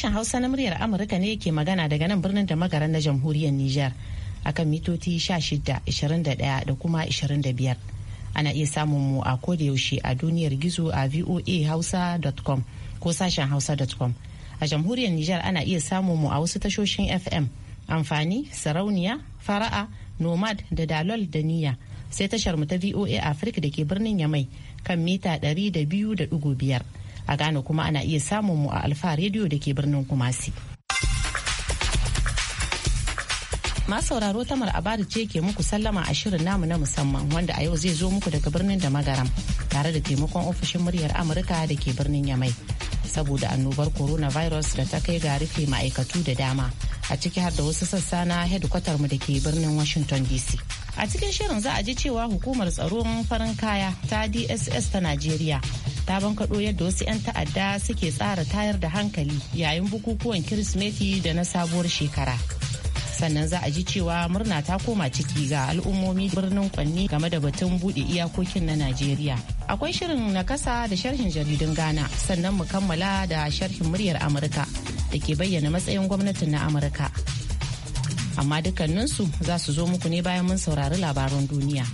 Sashen Hausa na muryar Amurka ne ke magana daga nan birnin da magaran na jamhuriyar Nijar akan mitoci 16, 21 da kuma 25. Ana iya samun mu a ko da yaushe a duniyar gizo a voahausa.com ko sashen hausa.com. A jamhuriyar Nijar ana iya samun mu a wasu tashoshin FM amfani, sarauniya, fara'a, nomad da dalol da niyya. Sai tashar mu ta VOA Africa da ke birnin Yamai kan mita 200.5. a Ghana kuma ana iya samun mu a Alfa Radio da ke birnin Kumasi. sauraro tamar abadu ce ke muku sallama a shirin namu na musamman wanda a yau zai zo muku daga birnin da magaram tare da taimakon ofishin muryar amurka da ke birnin yamai saboda annobar coronavirus da ta kai ga rufe ma'aikatu da dama a ciki har da wasu sassa na hedikwatar mu da ke birnin washington dc a cikin shirin za a ji cewa hukumar tsaron farin kaya ta dss ta najeriya ta bankaɗo yadda wasu 'yan ta'adda suke tsara tayar da hankali yayin bukukuwan kirsimeti da na sabuwar shekara sannan za a ji cewa murna ta koma ciki ga al'ummomi birnin kwanni game da batun buɗe iyakokin na najeriya akwai shirin na kasa da sharhin jaridun ghana sannan mu kammala da sharhin muryar amurka da ke bayyana matsayin gwamnatin na amurka amma dukkaninsu za su zo muku ne bayan mun saurari labaran duniya.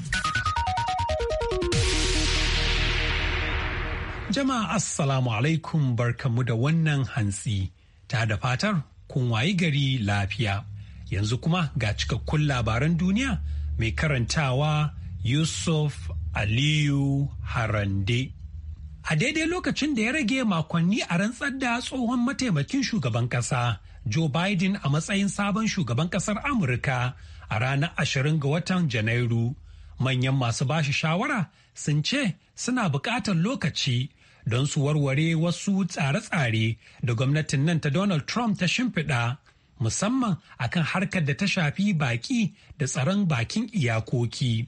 Jama'a Assalamu alaikum barkamu da wannan hantsi, ta da fatar kun wayi gari lafiya. Yanzu kuma ga cikakkun labaran duniya mai karantawa Yusuf Aliyu Harande. a daidai lokacin da ya rage makonni a rantsar da tsohon mataimakin shugaban kasa Joe Biden a matsayin sabon shugaban kasar Amurka a ranar ashirin ga watan Janairu. Manyan masu bashi shawara sun ce suna buƙatar lokaci don su warware wasu tsare-tsare da gwamnatin nan ta Donald Trump ta shimfiɗa musamman akan harkar da ta shafi baki da tsaron bakin iyakoki.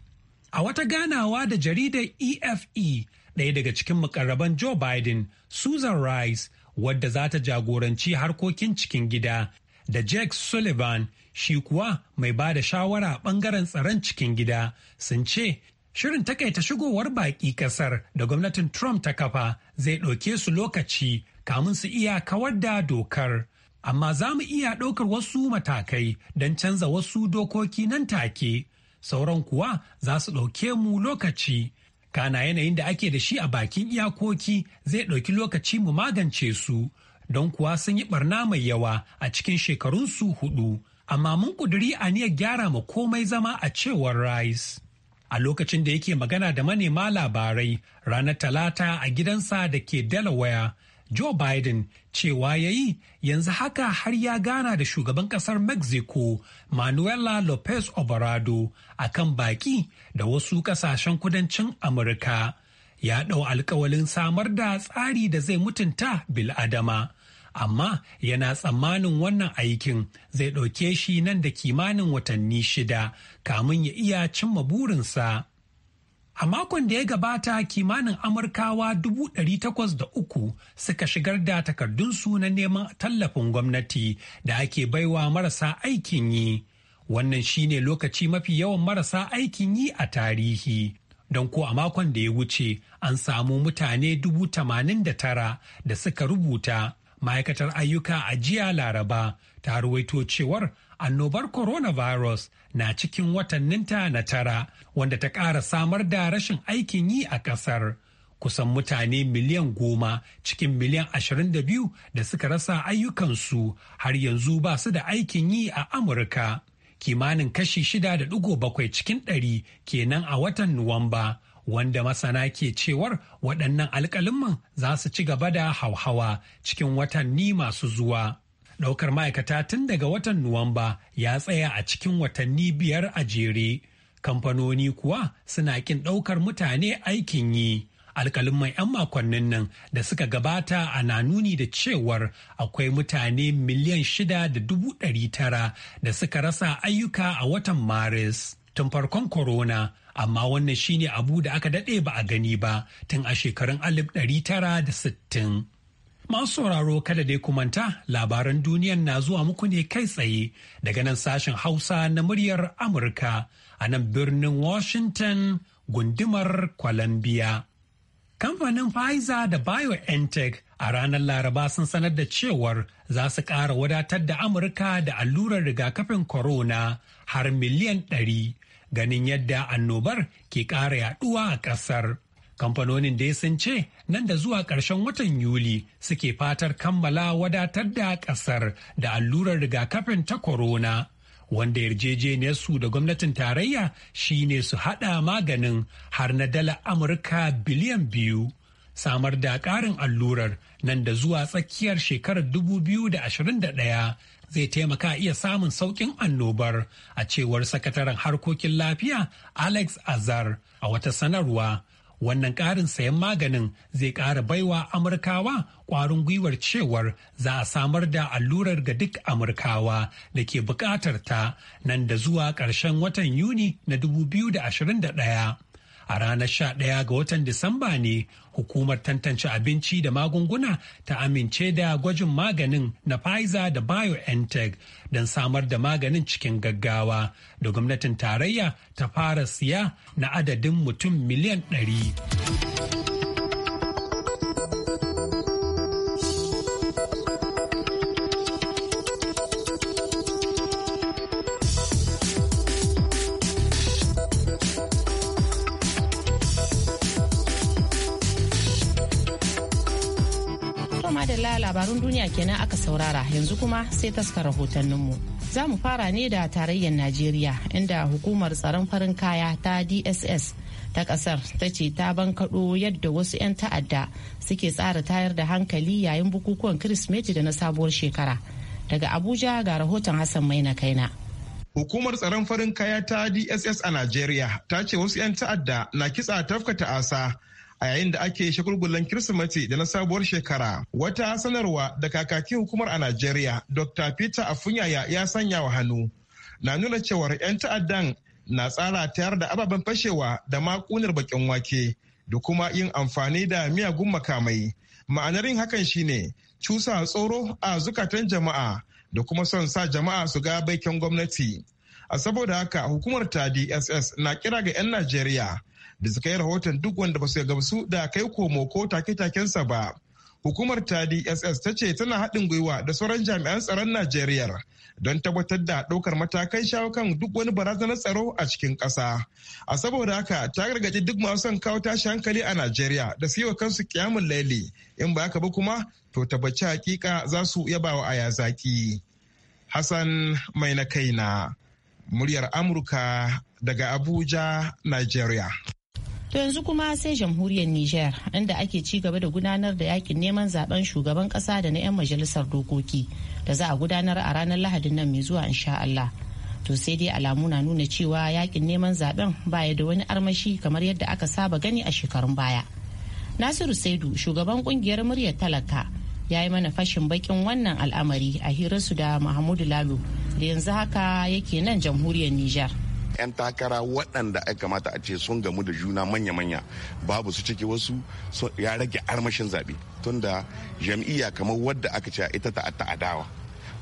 A wata ganawa da jaridar EFE ɗaya daga cikin mukarraban Joe Biden, Susan Rice, wadda za ta jagoranci harkokin cikin gida, da Jake Sullivan, shi kuwa mai ba da shawara ɓangaren tsaron cikin gida, sun ce shirin takaita shigowar baƙi ƙasar da gwamnatin Trump ta kafa zai ɗauke su lokaci kamun su iya kawar da dokar. Amma za mu iya ɗaukar wasu matakai don canza wasu dokoki nan take, sauran kuwa za su ɗauke mu lokaci. kana yanayin da ake da shi a bakin iyakoki zai ɗauki lokaci mu magance su don kuwa sun yi barna mai yawa a cikin shekarun su hudu amma mun kuduri aniyar gyara ma komai zama a cewar rice a lokacin da yake magana da manema labarai ranar talata a gidansa da ke delaware Joe Biden cewa ya yi yanzu haka har ya gana da shugaban kasar Mexico Manuela Lopez Obrado a kan baki da wasu kasashen kudancin Amurka. Ya ɗau alkawalin samar da tsari da zai mutunta bil'adama. Amma yana tsammanin wannan aikin zai ɗauke shi nan da kimanin watanni shida kamun ya iya cimma burinsa. A makon da ya gabata kimanin Amurkawa dubu takwas da uku suka shigar da takardunsu na neman tallafin gwamnati da ake baiwa marasa aikin yi. Wannan shine lokaci mafi yawan marasa aikin yi a tarihi. Don ko a makon da ya wuce an samu mutane dubu tamanin da tara da suka rubuta ma'aikatar ayyuka a jiya laraba ta ruwaito cewar annobar coronavirus na cikin watanninta na tara wanda ta ƙara samar da rashin aikin yi a ƙasar. Kusan mutane miliyan goma cikin miliyan ashirin da biyu da suka rasa ayyukansu har yanzu ba su da aikin yi a Amurka. Kimanin kashi shida da bakwai cikin ɗari kenan a watan Nuwamba. wanda masana ke cewar waɗannan alƙaliman za su ci gaba da hauhawa cikin watanni masu zuwa. ɗaukar ma'aikata tun daga watan Nuwamba ya tsaya a cikin watanni biyar a jere. Kamfanoni kuwa suna ƙin ɗaukar mutane aikin yi. Alƙalin mai 'yan makonnin nan da suka gabata ana nuni da cewar akwai mutane miliyan shida da dubu ɗari tara da suka rasa ayyuka a watan Maris tun farkon korona, amma wannan shine abu da aka daɗe ba a gani ba tun a shekarun alif tara da sittin. Masu sauraro kada dai ku manta labaran duniyan na zuwa muku ne kai tsaye daga nan sashen Hausa na muryar Amurka a nan birnin Washington gundumar Columbia. Kamfanin Pfizer da BioNTech a ranar Laraba sun sanar da cewar za su ƙara wadatar da Amurka da allurar rigakafin corona har miliyan ɗari ganin yadda annobar ke ƙara yaɗuwa a ƙasar. kamfanonin dai sun ce nan da zuwa ƙarshen watan yuli suke fatar kammala wadatar da ƙasar da allurar rigakafin ta corona wanda yarjejeniyar su da gwamnatin tarayya shine su haɗa maganin har na dala amurka biliyan biyu samar da ƙarin allurar nan da zuwa tsakiyar shekarar 2021 zai taimaka iya samun sauƙin annobar a cewar sakataren harkokin lafiya alex azar a wata sanarwa wannan ƙarin sayan maganin zai ƙara baiwa amurkawa ƙwarin gwiwar cewar za a samar da allurar ga duk amurkawa da ke buƙatar ta nan da zuwa ƙarshen watan yuni na 2021 A ranar 11 ga watan Disamba ne hukumar tantance abinci da magunguna ta amince da gwajin maganin na Pfizer da BioNTech don samar da maganin cikin gaggawa da gwamnatin tarayya ta fara siya na adadin mutum miliyan 100. madalla labarun duniya kenan aka saurara yanzu kuma sai taskar rahotanninmu. Za mu fara ne da tarayyar Najeriya inda hukumar tsaron farin kaya ta DSS ta kasar ta ce ta bankaɗo yadda wasu 'yan ta'adda suke tsara tayar da hankali yayin bukukuwan Kirsimeti da na sabuwar shekara. Daga Abuja ga rahoton Hassan mai na Kaina. Hukumar tsaron farin kaya ta DSS a Najeriya ta ce wasu 'yan ta'adda na kitsa tafka ta'asa a yayin da ake shagulgulan Kirsimeti da na sabuwar shekara. Wata sanarwa da kakakin hukumar a Najeriya, Dr. Peter Afunyaya ya sanya wa hannu. Na nuna cewar 'yan ta'addan na tsara tayar da ababen fashewa da makunar bakin wake da kuma yin amfani da miyagun makamai. Ma'anar yin hakan shine cusa tsoro a zukatan jama'a da kuma son sa jama'a su ga baikin gwamnati. A saboda haka hukumar ta DSS na kira ga 'yan Najeriya da suka yi rahoton duk wanda ba su gamsu da kai komo ko take-takensa ba. Hukumar ta DSS ta ce tana haɗin gwiwa da sauran jami'an tsaron Najeriya don tabbatar da ɗaukar matakan shawo kan duk wani barazanar tsaro a cikin ƙasa. A saboda haka ta gargaɗi duk masu son kawo tashi hankali a Najeriya da su yi wa kansu kyamun laili in ba haka ba kuma to tabbaci hakika za su yabawa a zaki. Hassan mai na kaina muryar Amurka daga Abuja, Nigeria. To yanzu kuma sai jamhuriyar Nijar inda ake ci gaba da gudanar da yakin neman zaben shugaban kasa da na 'yan majalisar dokoki da za a gudanar a ranar Lahadin nan mai zuwa insha Allah. To sai dai alamu na nuna cewa yakin neman zaben baya da wani armashi kamar yadda aka saba gani a shekarun baya. Nasiru Saidu shugaban kungiyar muryar talaka ya yi mana fashin bakin wannan al'amari a hirarsu da Mahmudu Lalo da yanzu haka yake nan jamhuriyar Nijar. 'yan takara waɗanda ya kamata a ce sun gamu da juna manya-manya babu su ciki wasu ya rage armashin zaɓe tunda jam'iyya kamar wadda aka ce ita ta ta'adawa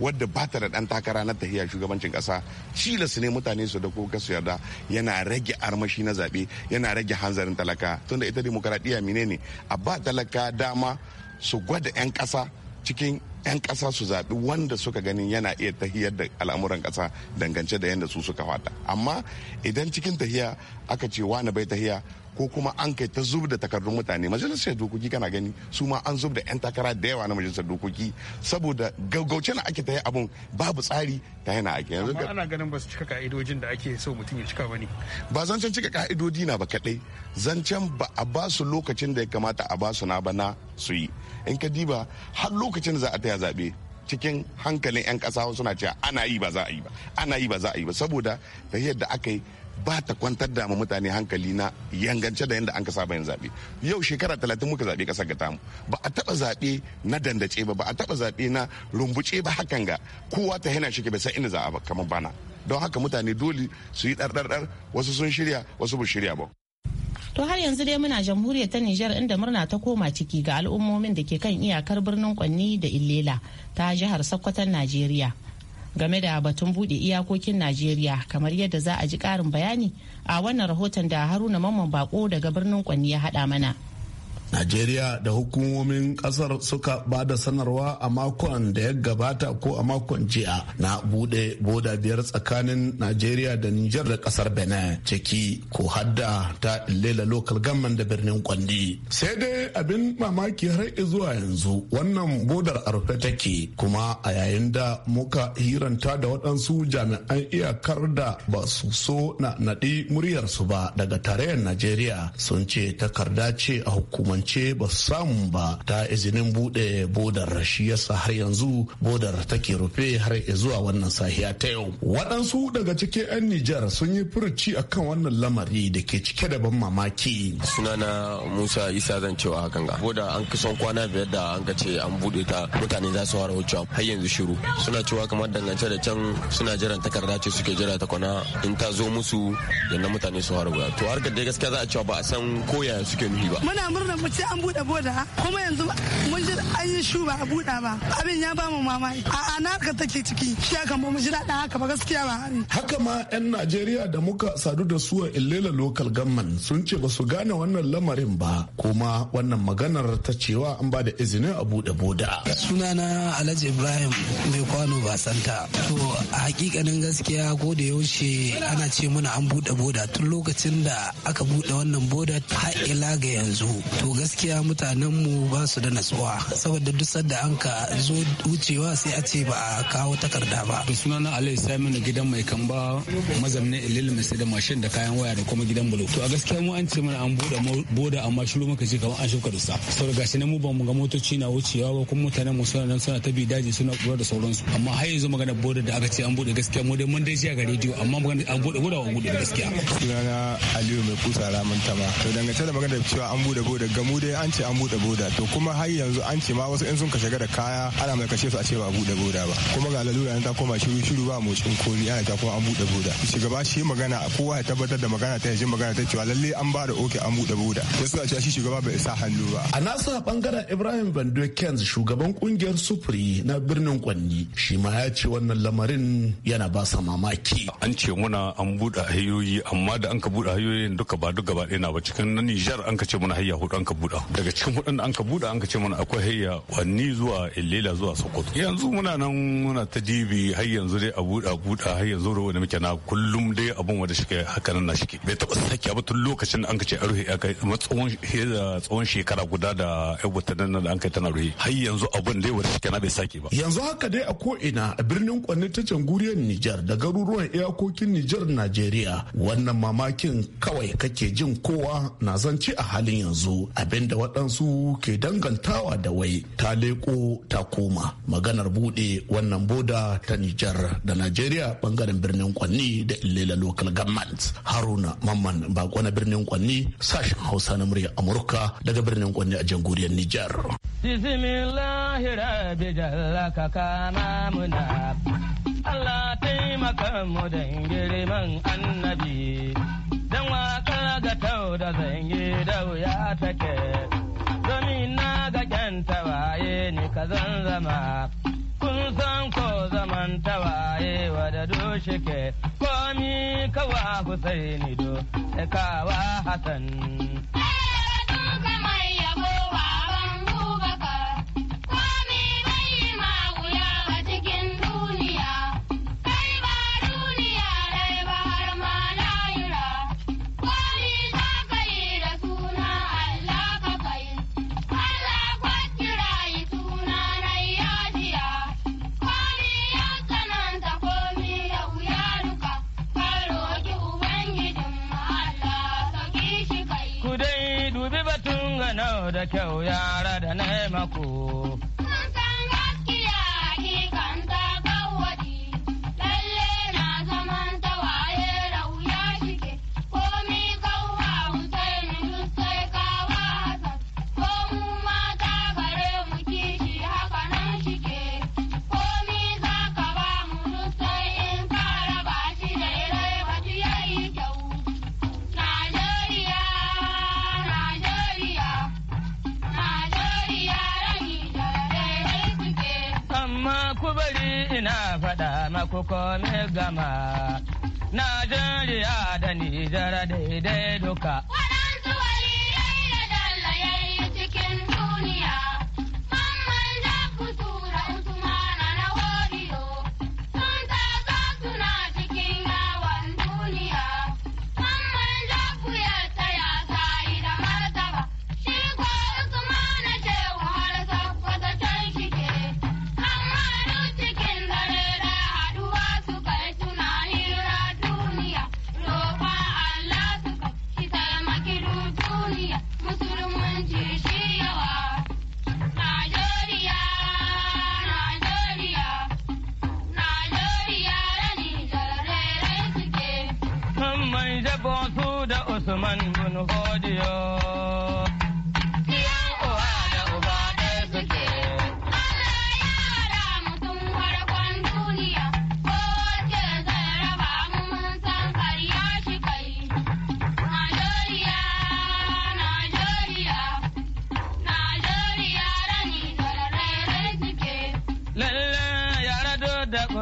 wadda ba ta da ɗan takara na tahiya shugabancin ƙasa Cila su ne mutane su da kuka su yarda yana rage armashi na zaɓe yana rage hanzarin talaka tunda ita demokaradiyya menene a ba talaka dama su gwada 'yan ƙasa cikin 'yan ƙasa su zaɓi wanda suka ganin yana iya tahiyar da al'amuran ƙasa dangance da yadda su suka fata amma idan cikin tahiya aka ce wani bai tahiya ko kuma an kai ta zub da takardun mutane majalisar dokoki kana gani su ma an zub da 'yan takara da yawa na majalisar dokoki saboda gaugauce na ake tahi abun babu tsari ta yana ake yanzu amma ana ganin ba su cika ka'idojin da ake so mutum ya cika ba ne ba zancen cika ka'idoji na ba kadai zancen ba a ba su lokacin da ya kamata a ba su na ba na su yi in ka diba har lokacin za a taya zabe cikin hankalin 'yan ƙasa suna cewa ana yi ba za a yi ba ana yi ba za a yi ba saboda ta yadda aka yi ba ta kwantar da mutane hankali na yangance da yadda an ka saba yin zaɓe yau shekara talatin muka zaɓe ƙasar gata mu ba a taɓa zaɓe na dandace ba ba a taɓa zaɓe na rumbuce ba hakan ga kowa ta yana shi bai san inda za a ba kamar bana don haka mutane dole su yi ɗarɗarɗar wasu sun shirya wasu ba shirya ba. To har yanzu dai muna jamhuriyar ta Nijar inda murna ta koma ciki ga al'ummomin da ke kan iyakar birnin Kwanni da Ilela ta jihar Sokoton Najeriya. Game da batun bude iyakokin Najeriya kamar yadda za a ji karin bayani a wannan rahoton da Haruna Mamman Bako daga birnin Kwanni ya haɗa mana. Najeriya da hukumomin kasar suka ba da sanarwa a makon da ya gabata ko a makon jiya na bude boda biyar tsakanin Najeriya da Nijar da kasar Benin ciki ko hadda ta Lela Local gamman da birnin Kwandi. Sai dai abin mamaki har zuwa yanzu wannan bodar a rufe take kuma a yayin da muka hiranta da waɗansu jami'an iyakar da ba su so na naɗi muryarsu ba daga tarayyar Najeriya sun ce takarda ce a hukumar hukumance ba samu ba ta izinin bude bodar shi yasa har yanzu bodar take rufe har zuwa wannan sahiya ta yau waɗansu daga cikin 'yan nijar sun yi furuci akan wannan lamari da ke cike da ban mamaki sunana musa isa zan cewa hakan ga boda an kusan kwana biyar da an ce an bude ta mutane za su fara wucewa har yanzu shiru suna cewa kamar dangance da can suna jiran takarda ce suke jira ta kwana in ta zo musu yannan mutane su fara wuya to harkar dai gaskiya za a cewa ba a san koya suke nuhi ba muna murna mu ce an buɗe boda kuma yanzu mun ji an yi shu a buɗa ba abin ya mu mamaki a na take ciki shi haka mu ji daɗin haka ba gaskiya ba haka ma 'yan Najeriya da muka sadu da su a Illela Local Government sun ce ba su gane wannan lamarin ba kuma wannan maganar ta cewa an ba da izinin a buɗe boda. Sunana Alhaji Ibrahim mai kwano ba santa. To a hakikanin gaskiya ko da yaushe ana ce mana an buɗe boda tun lokacin da aka buɗe wannan boda har ila ga yanzu. To gaskiya mutanenmu ba su da natsuwa saboda duk sadda an ka zo wucewa sai a ce ba a kawo takarda ba. sunana alai samin gidan mai kamba mazamnin ilil mai sai da mashin da kayan waya da kuma gidan bulo to a gaskiya mu an ce mana an bude boda amma shiru muka ce kamar an shuka dusa saboda gashi ne mu ba mu ga motoci na wucewa ba kuma mutanen mu suna nan suna ta bi daji suna kura da sauransu amma har yanzu magana boda da aka ce an bude gaskiya mu dai mun dai ji a rediyo amma magana an bude boda an bude gaskiya sunana aliyu mai kusa ramin tama to dangance da magana da cewa an bude boda mu dai an ce an bude boda to kuma har yanzu an ce ma wasu in sun ka shiga da kaya ana mai kashe su a ce ba buɗe boda ba kuma ga lalura ta koma shiru shiru ba cin koli ana ta kuma an buɗe boda shugaba shi magana a kowa ya tabbatar da magana ta yaji magana ta cewa lalle an ba da oke an buɗe boda wasu a ce shi shugaba bai sa hannu ba a a bangaren ibrahim bando kenz shugaban kungiyar sufuri na birnin kwanni shi ma ya ce wannan lamarin yana ba sa mamaki an ce muna an bude hayoyi amma da an ka bude hayoyin duka ba duka ba ɗaya na ba cikin na nijar an ka ce muna hayya hudu an ka buɗa daga cikin waɗanda an ka buɗa an ka ce mana akwai hayya wanni zuwa illela zuwa sokoto yanzu muna nan muna ta dibi har yanzu dai a buɗa buɗa har yanzu ruwa da muke na kullum dai abun wanda shike haka nan na shike bai taɓa sake ba tun lokacin da an ka ce a ruhe aka tsawon eh, tsawon shekara guda da yan watannin da an kai tana ruhe har yanzu abun dai wanda shike na bai sake ba yanzu haka dai a ko ina a birnin kwanne ta jamhuriyar Nijar da garuruwan iyakokin Nijar Najeriya wannan mamakin kawai kake jin kowa na zance a halin yanzu a Abin da waɗansu ke dangantawa da wai ta leko ta koma maganar buɗe wannan boda ta Nijar da Najeriya ɓangaren birnin Kwanni da illela Local Government Haruna Mamman bako na birnin Kwanni sashen Hausa na murya Amurka daga birnin Kwanni a jamhuriyar Nijar. Allah taimaka mu da girman annabi waka ga tau da zange da wuya take domin na ga kyan tawaye ni ka zan zama kun san ko zaman tawaye wada doshi ke komi kawa husaini do kawa hasan eh, Mai kyau yara da na maku Najeriya da Nijar daidai duka.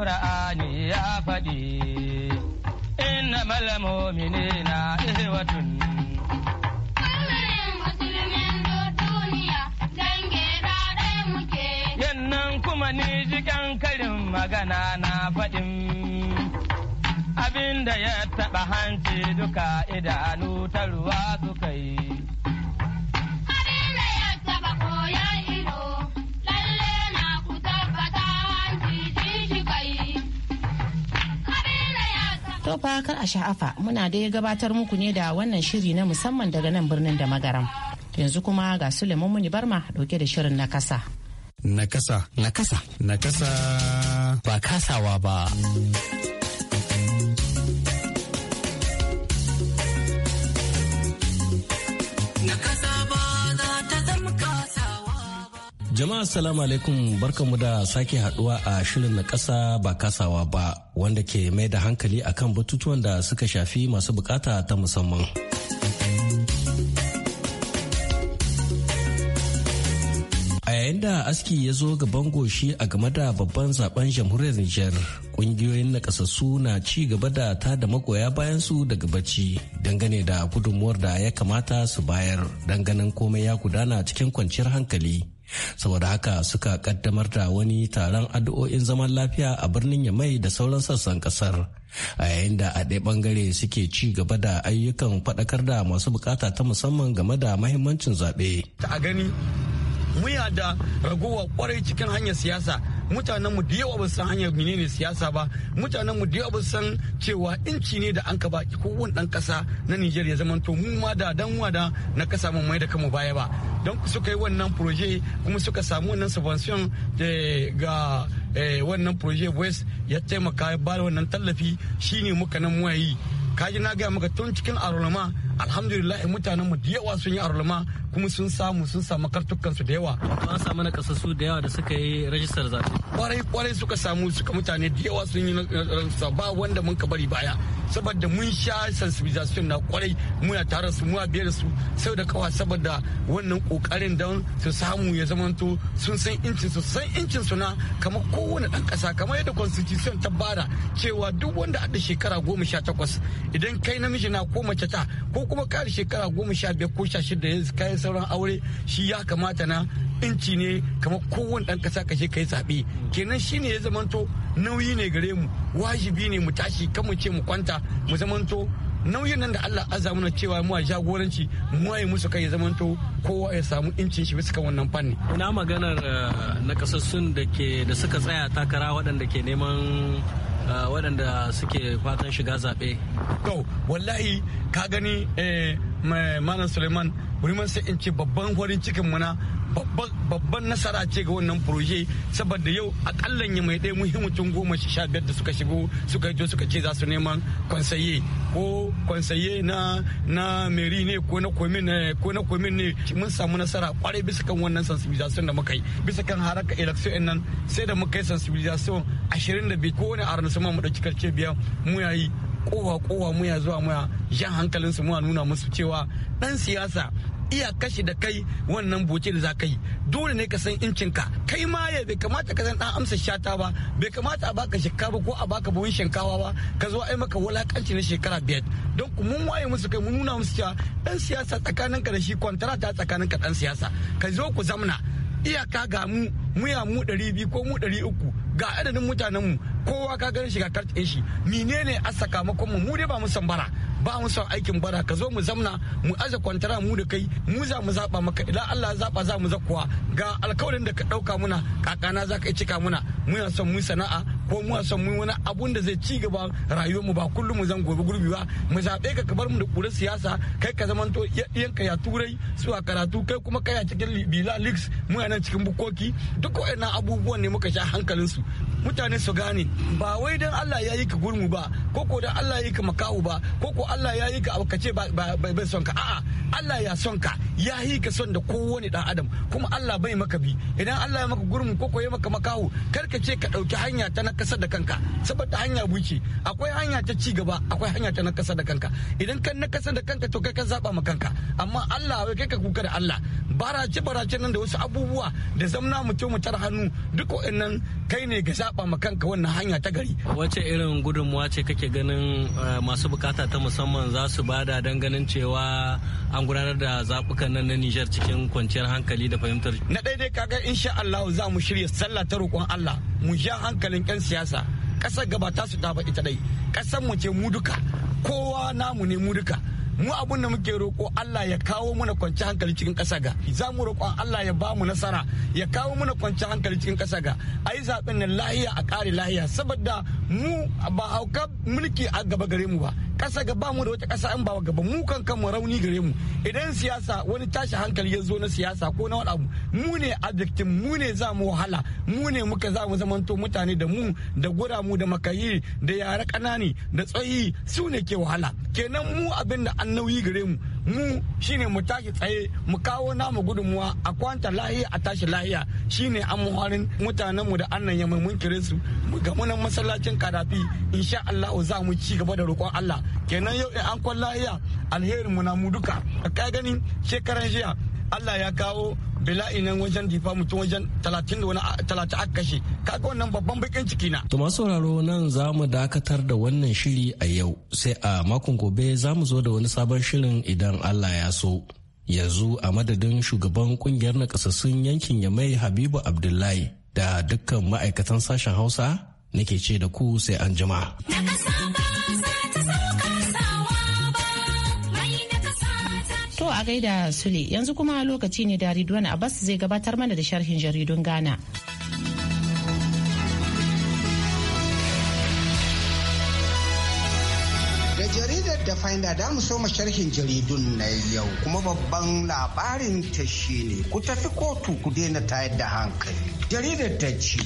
Qur'ani ya faɗi. Inna malamu ihwatun. Yannan kuma ni jikan karin magana na faɗin. Abinda ya taɓa hanci duka idanu ta ruwa suka yi. fa kar a sha'afa muna dai gabatar muku ne da wannan shiri na musamman daga nan birnin da magaram. Yanzu kuma ga Suleiman Muni Barma dauke da shirin na kasa. Na kasa. Na kasa. Na kasa. Ba kasawa ba. Jama'a salamu alaikum barkamu da sake haduwa a shirin na kasa ba kasawa ba wanda ke mai da hankali akan batutuwan da suka shafi masu bukata ta musamman. A yayin da aski ya zo ga gaban goshi a game da babban zaben jamhuriyar Nijar, kungiyoyin nakasassu na ci gaba da ta da magoya bayan su daga bacci dangane da gudunmuwar da ya kamata su bayar danganin komai ya gudana cikin kwanciyar hankali. saboda haka suka kaddamar da wani taron addu'o'in zaman lafiya a birnin yamai da sauran sassan kasar a yayin da a ɗaya bangare suke ci gaba da ayyukan faɗakar da masu bukata ta musamman game da mahimmancin zaɓe. a gani muna da ragowa kwarai cikin hanyar siyasa mutanenmu da yawa ba san hanyar menene siyasa ba mutanenmu da yawa ba san cewa inci ne da an ka baki kowane dan kasa na Nijar ya zama to mu ma da dan wada na kasa mun mai da kanmu baya ba don su yi wannan proje kuma suka samu wannan subvention eh, ga eh, wannan proje West ya taimaka ya ba wannan tallafi shine muka nan muwayi kaji na gaya maka tun cikin arulama alhamdulillah mutanen mu da sun yi arulma kuma sun samu sun samu kartukan su da yawa an samu na kasassu da yawa da suka yi rajistar zaɓe kwarai kwarai suka samu suka mutane da yawa sun yi ba wanda mun ka bari baya saboda mun sha sensibilization na kwarai muna tare su muna biyar su sau da kawa saboda wannan kokarin don su samu ya zamanto sun san incin su san incin su na kamar kowane dan kasa kamar yadda constitution ta bara cewa duk wanda a da shekara goma sha takwas idan kai namiji na ko mace ta ko kuma kare shekara goma sha biyar ko sha shida yanzu kayan sauran aure shi ya kamata na inci ne kamar kowane ɗan ƙasa kashe kai zaɓe kenan shi ne ya zamanto nauyi ne gare mu wajibi ne mu tashi kan mu ce mu kwanta mu zamanto nauyin nan da Allah azza mana cewa mu a jagoranci mu yi musu kai ya zamanto kowa ya samu incin shi bisa kan wannan fanni. Ina maganar eh, kasassun da ke da suka tsaya takara waɗanda ke neman eh, waɗanda suke fatan shiga zaɓe. To wallahi ka gani eh, Eh, malam suleiman wani sai in ce babban farin cikin muna babban nasara ce ga wannan proje saboda yau akalla ya mai ɗaya muhimmancin goma sha biyar da suka shigo suka jo suka ce za su neman kwansaye ko kwansaye na na meri ne ko na komin ne ko na komin ne mun samu nasara kwarai bisa kan wannan sensibilisation da muka yi bisa kan haraka election nan sai da muka yi sensibilisation 22 ko wani arna sama mu dauki karce biya mu yayi kowa kowa muya zuwa muya jan hankalinsu muna nuna musu cewa dan siyasa iya kashe da kai wannan boce da za ka yi dole ne ka san ka kai ma ya bai kamata ka zan dan amsa shata ba bai kamata a baka shekka ko a baka buhun shinkawa ba ka zo ai maka wulakanci na shekara biyar don mun waye musu kai mun nuna musu cewa dan siyasa tsakaninka da shi kwantara ta tsakaninka dan siyasa ka zo ku zamna iyaka ga mu muya mu 200 ko mu uku ga adadin mu kowa ka gani shiga kartin shi menene a sakamakon mu mu dai ba mu san bara ba mu san aikin bara ka zo mu zamna mu aje kwantara mu da kai mu za mu zaba maka idan Allah ya zaba za mu zakuwa ga alkawarin da ka dauka muna kakana za ka cika muna mu ya son mu sana'a ko mu san mu wani abun da zai ci gaba rayuwar mu ba kullum mu zan gobe gurbi ba mu zabe ka ka mu da kura siyasa kai ka zamanto yan ka ya turai suwa karatu kai kuma kai a cikin bila leaks mu yana cikin bukoki duk waɗannan abubuwan ne muka sha hankalin su mutane su gane ba wai dan Allah ya yi ka gurmu ba ko ko dan Allah ya yi ka makawu ba ko ko Allah ya yi ka abu kace ba bai son ka a'a Allah ya son ka ya yi ka son da kowane dan adam kuma Allah bai maka bi idan Allah ya maka gurmu ko ko ya maka makawu kar ka ce ka dauki hanya ta nakasar da kanka saboda hanya buke akwai hanya ta ci gaba akwai hanya ta nakasar da kanka idan ka nakasar da kanka to kai ka zaba ma kanka amma Allah wai kai ka kuka da Allah barace barace nan da wasu abubuwa da zamna mutum mu tar hannu duk wa'annan kai ne ga zaba ma kanka wannan hanya ta gari wace irin gudunmuwa ce kake ganin eh, masu bukata ta musamman za su bada dan ganin cewa an gudanar da zabukan nan na Niger cikin kwanciyar hankali da fahimtar na dai dai kaga insha Allah za mu shirya sallah ta roƙon Allah mu ja hankalin 'yan siyasa kasar gaba ta su ta ba ita dai kasar mu ce mu duka kowa namu ne mu duka mu abun da muke roƙo Allah ya kawo mana kwanci hankali cikin ƙasa ga za mu roƙon Allah ya ba mu nasara ya kawo mana kwanci hankali cikin ƙasa ga a yi zaɓen nan lahiya a ƙare lahiya saboda mu ba hauka mulki a gaba gare mu ba ƙasa ga bamu da wata ƙasa in ba gaba mu kan kanmu rauni gare mu idan siyasa wani tashi hankali ya zo na siyasa ko na wani mu ne objective mu ne za mu wahala mu ne muka za mu zamanto mutane da mu da gura mu da makayi da yara kanani da tsayi su ne ke wahala kenan mu abin da an nauyi gare mu mu shine mu tashi tsaye mu kawo namu gudunmuwa a kwanta lahiya a tashi lahiya shine muharin mutanen mu da annan yamai mun kire su mu ga munan masallacin karafi insha Allah za mu ci gaba da roƙon Allah kenan yau in an kwan lahiya alherin mu na mu duka ka gani shekaran jiya Allah ya kawo bila'i nan wajen difa mutum wajen talatin da wani talatin aka kashe kaga wannan babban bakin ciki na. to masu sauraro nan za mu dakatar da wannan shiri a yau sai a makon gobe za mu zo da wani sabon shirin idan Allah ya so. yanzu a madadin shugaban kungiyar nakasassun yankin ya yamai habibu abdullahi da dukkan ma'aikatan sashen hausa nake ce da ku sai an jima. A gaida Sule yanzu kuma lokaci ne da Ridwan Abbas zai gabatar mana da sharhin jaridun Ghana. Da jaridar da fainda da mu soma sharhin jaridun na yau kuma babban labarin ta ne ku tafi kotu ku daina tayar da hankali. Jaridar ta ce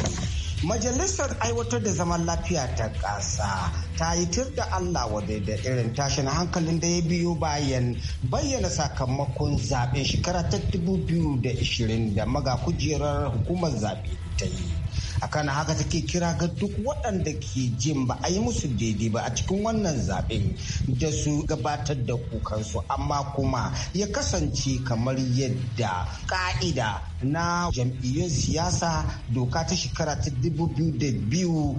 Majalisar aiwatar da zaman lafiya ta ƙasa ta yi tir da Allah wa da irin tashin hankalin da ya biyo bayan bayyana sakamakon zaɓen shekara ta dubu biyu da da maga kujerar hukumar zaɓe ta yi. A akan haka take kira ga duk waɗanda ke jin ba a yi musu daidai ba a cikin wannan zaɓen da su gabatar da kukansu amma kuma ya kasance kamar yadda ƙa'ida na jam'iyyun siyasa doka ta shekara ta biyu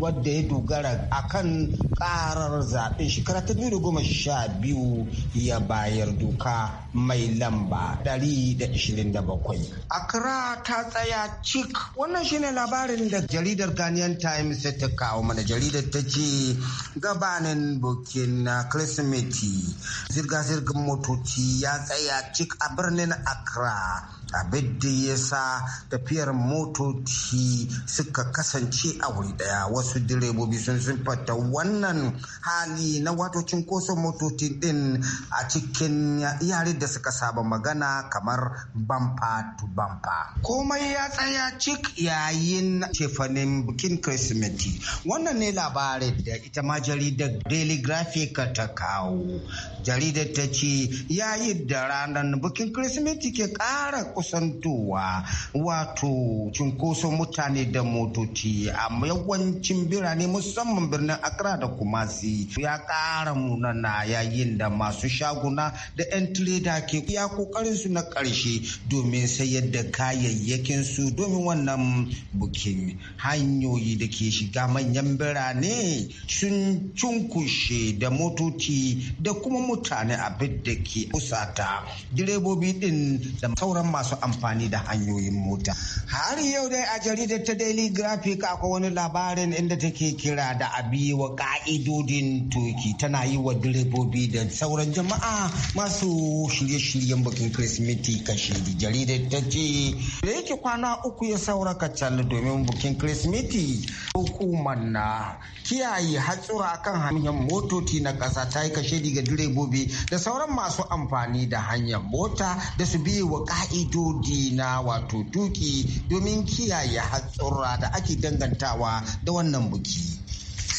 wadda ya dogara a kan karar zaɓen shekara ta biyu ya bayar doka mai lamba da da bakwai. Akra ta tsaya cik wannan shine labarin da jaridar Ghanaian Times ta kawo mana jaridar ta ce gabanin bukin Kirsimeti zirga-zirgar motoci ya tsaya cik a birnin Akra. abin da ya sa tafiyar motoci suka kasance a wuri daya wasu direbobi sun sifata wannan hali na wato cinkoson motoci din a cikin yare da suka saba magana kamar bamfa to bamfa komai ya tsaya cik yayin cefanen bikin kirsimeti wannan ne labarin da ita ma jaridar daily graphic ta kawo jaridar ta ce yayin da ranar bikin kirsimeti ke ƙara kusantowa wato cunkoson mutane da motoci a yawancin birane musamman birnin Accra da Kumasi ya ƙara munana yayin da masu shaguna da 'yan tireda ke ya kokarin su na ƙarshe domin sayar da kayayyakin su domin wannan bukin hanyoyi da ke shiga manyan birane sun cunkushe da motoci da kuma mutane abin da ke kusata direbobi din da sauran masu masu amfani da hanyoyin mota har yau dai a jaridar ta daily graphic akwai wani labarin inda take kira da abiwa ka'idodin toki tana yi wa direbobi da sauran jama'a masu shirye-shiryen bikin kirsimeti kashe jaridar ta ce da yake kwana uku ya saura kacal domin bikin kirsimeti hukumar na kiyaye hatsura kan hanyar motoci na ƙasa ta yi kashe ga direbobi da sauran masu amfani da hanyar mota da su biye wa ka'idodin hududi na wato duki domin kiyaye hatsura da ake dangantawa da wannan buki.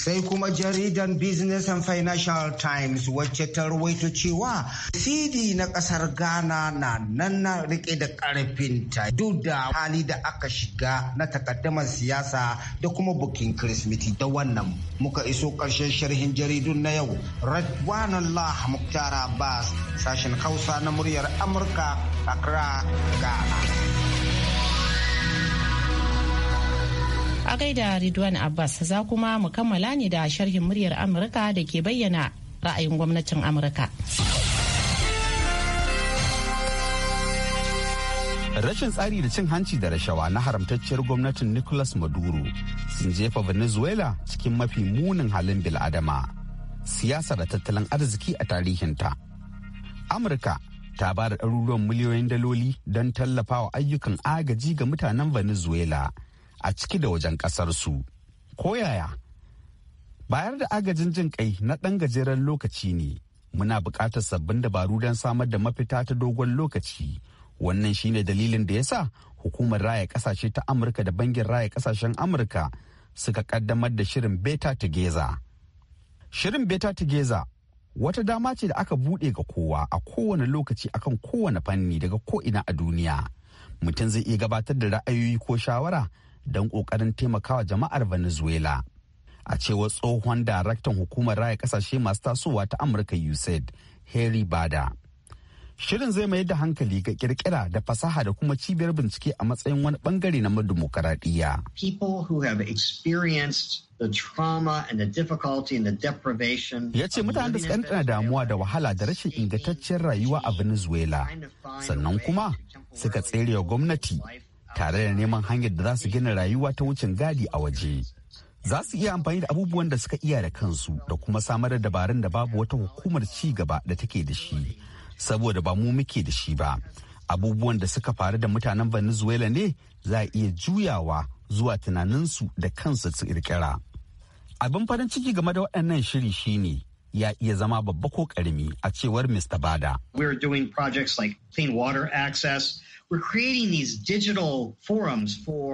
sai kuma jaridan business and financial times wacce ta rawaito cewa cd na kasar ghana na nan na rike da karfinta duk da hali da aka shiga na takaddamar siyasa da kuma bukin kirismeti da wannan muka iso karshen sharhin jaridun na yau radwanan lah muktar abbas sashen hausa na muryar amurka accra ghana a gaida Ridwan Abbas za kuma mu kammala ne da sharhin muryar Amurka da ke bayyana ra'ayin gwamnatin Amurka. rashin tsari da cin hanci da rashawa na haramtacciyar gwamnatin nicolas maduro sun jefa venezuela cikin mafi munin halin biladama siyasa da tattalin arziki a tarihinta amurka ta ba da ɗaruruwan miliyoyin daloli don tallafa wa ayyukan agaji ga mutanen venezuela a ciki da wajen ƙasarsu. Koyaya, bayar da agajin jin kai na ɗan gajeren lokaci ne, muna buƙatar sabbin dabaru don samar da mafita ta dogon lokaci. Wannan shine dalilin da ya sa hukumar raya ƙasashe ta Amurka da bangin raya ƙasashen Amurka suka ƙaddamar da shirin Beta Together. Shirin Beta Together wata dama ce da aka buɗe ga kowa a kowane lokaci akan kowane fanni daga ko ina a duniya. Mutum zai iya gabatar da ra'ayoyi ko shawara don kokarin taimakawa jama'ar venezuela a cewar tsohon daraktan hukumar raya kasashe masu tasowa ta amurka usaid harry bada shirin zai mayar da hankali ga kirkira da fasaha da kuma cibiyar bincike a matsayin wani bangare na demokaradiyya. people who have experienced the trauma and the difficulty deprivation ya ce mutane da suka ɗanɗana damuwa da wahala da rashin ingantacciyar rayuwa a venezuela sannan kuma suka tsere gwamnati tare da neman hanyar da za su gina rayuwa ta wucin gadi a waje. Za su iya amfani da abubuwan da suka iya da kansu da kuma samar da dabarun da babu wata hukumar ci gaba da take da shi, saboda ba mu muke da shi ba. Abubuwan da suka faru da mutanen Venezuela ne za a iya juyawa zuwa tunaninsu da kansu su kirkira. Abin farin ciki game da waɗannan shiri shine ya iya zama babba ko ƙarami a cewar Mr. Bada. We're doing projects like clean water access,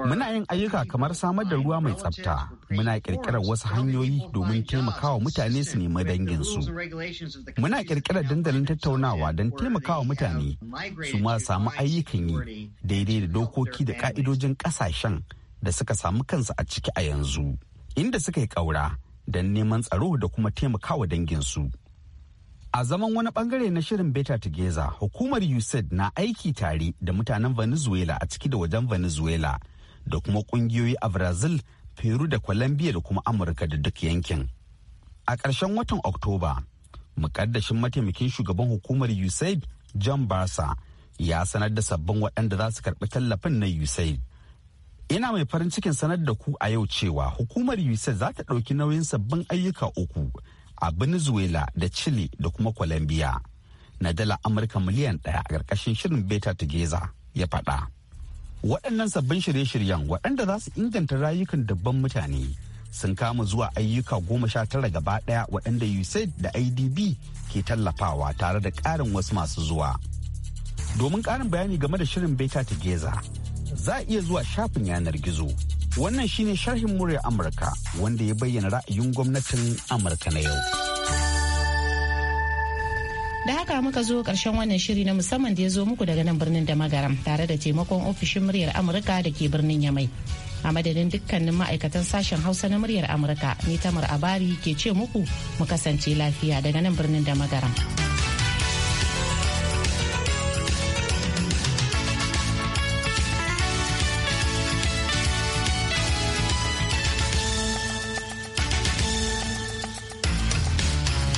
Muna yin ayyuka kamar samar da ruwa mai tsafta. Muna ƙirƙirar wasu hanyoyi domin taimakawa mutane su nemi danginsu. Muna ƙirƙirar dandalin tattaunawa don taimakawa mutane su ma samu ayyukan yi daidai da dokoki da ka'idojin ƙasashen da suka samu kansu a ciki a yanzu. Inda suka yi ƙaura don neman tsaro da kuma taimakawa danginsu. A zaman wani bangare na shirin Beta Together, hukumar USAID na aiki tare da mutanen Venezuela a ciki da wajen Venezuela da kuma kungiyoyi a Brazil, Peru da Colombia da kuma Amurka da duk yankin. A ƙarshen watan Oktoba, mukaddashin mataimakin shugaban hukumar USAID John Barsa ya sanar da sabbin waɗanda za su karɓi tallafin na USAID. Ina mai farin cikin sanar da ku a yau cewa hukumar USAID za ta ɗauki nauyin sabbin ayyuka uku a venezuela da chile da kuma colombia na dala amurka miliyan ɗaya a ƙarƙashin shirin beta geza ya faɗa waɗannan sabbin shirye-shiryen waɗanda za su inganta rayukan dabban mutane sun kama zuwa ayyuka goma sha tara gaba ɗaya waɗanda usaid da idb ke tallafawa tare da ƙarin wasu masu zuwa domin ƙarin bayani game da shirin beta geza za a iya zuwa shafin yanar gizo Wannan shine sharhin murya Amurka wanda ya bayyana ra'ayin gwamnatin Amurka na yau. Da haka muka zo karshen wannan shiri na musamman da ya zo muku daga nan birnin da magaram tare da taimakon ofishin muryar Amurka da ke birnin Yamai. A madadin dukkanin ma'aikatan sashen Hausa na muryar Amurka, ni Tamar Abari ke ce muku mu kasance lafiya daga nan birnin da magaram.